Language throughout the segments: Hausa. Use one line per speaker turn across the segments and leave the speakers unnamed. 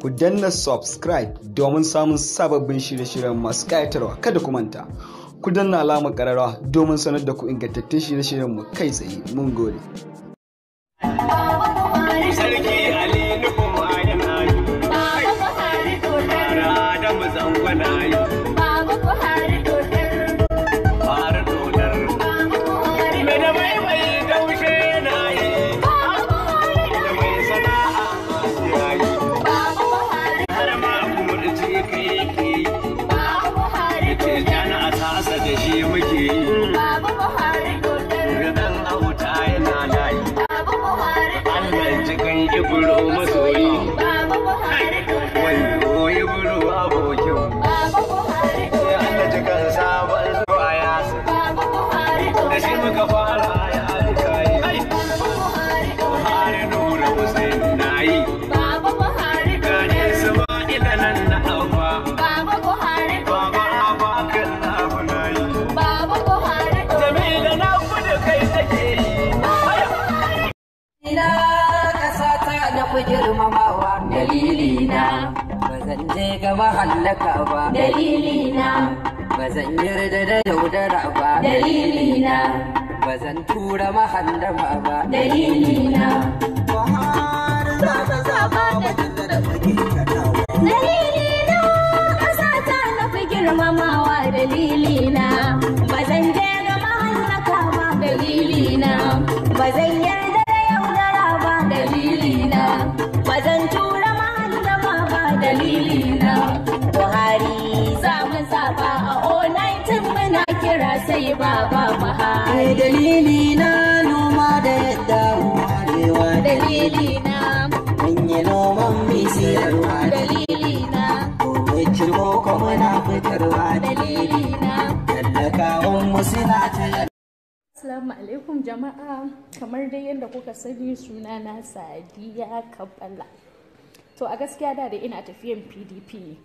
ku danna subscribe domin samun sababbin shirye-shiryen masu ƙayatarwa kada ku manta ku danna alamar ƙararwa domin sanar da ku ingantattun shirye-shiryen mu kai tsaye mun gode Sarki 所以。fi girmamawa dalilina ba zan je gaba hallaka ba dalilina ba zan yarda da yaudara ba dalilina ba zan tura mahandama ba dalilina Buhari za ka zaba da muke dalilina ƙasa ta na fi girmamawa dalilina ba zan je ga hallaka ba dalilina ba zan dalilina ba tura mahallama ba dalilina buhari za mu saba a onaitin muna kira sai baba buhari dalilina noma da yadda warewa dalilina mun yi noman misiyarwa. siyarwa dalilina gobe ciro kuma na fitarwa dalilina tallakawan mu suna Assalamu alaikum jama'a kamar dai yadda kuka sani suna na Sadiya Kabbala. To a gaskiya da da ina tafiyan PDP ne,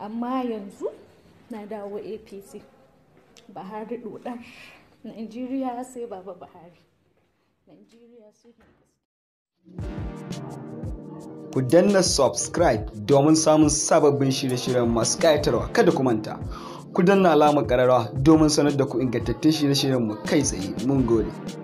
amma yanzu na dawo APC. Buhari ɗoɗar, nigeria sai baba Buhari. nigeria sai Ku danna subscribe domin samun sababbin shirye-shiryen masu ƙayatarwa kada ku manta. ku danna alamar ƙararrawa domin sanar da ku ingantattun shirye-shiryen mu kai tsaye mun gode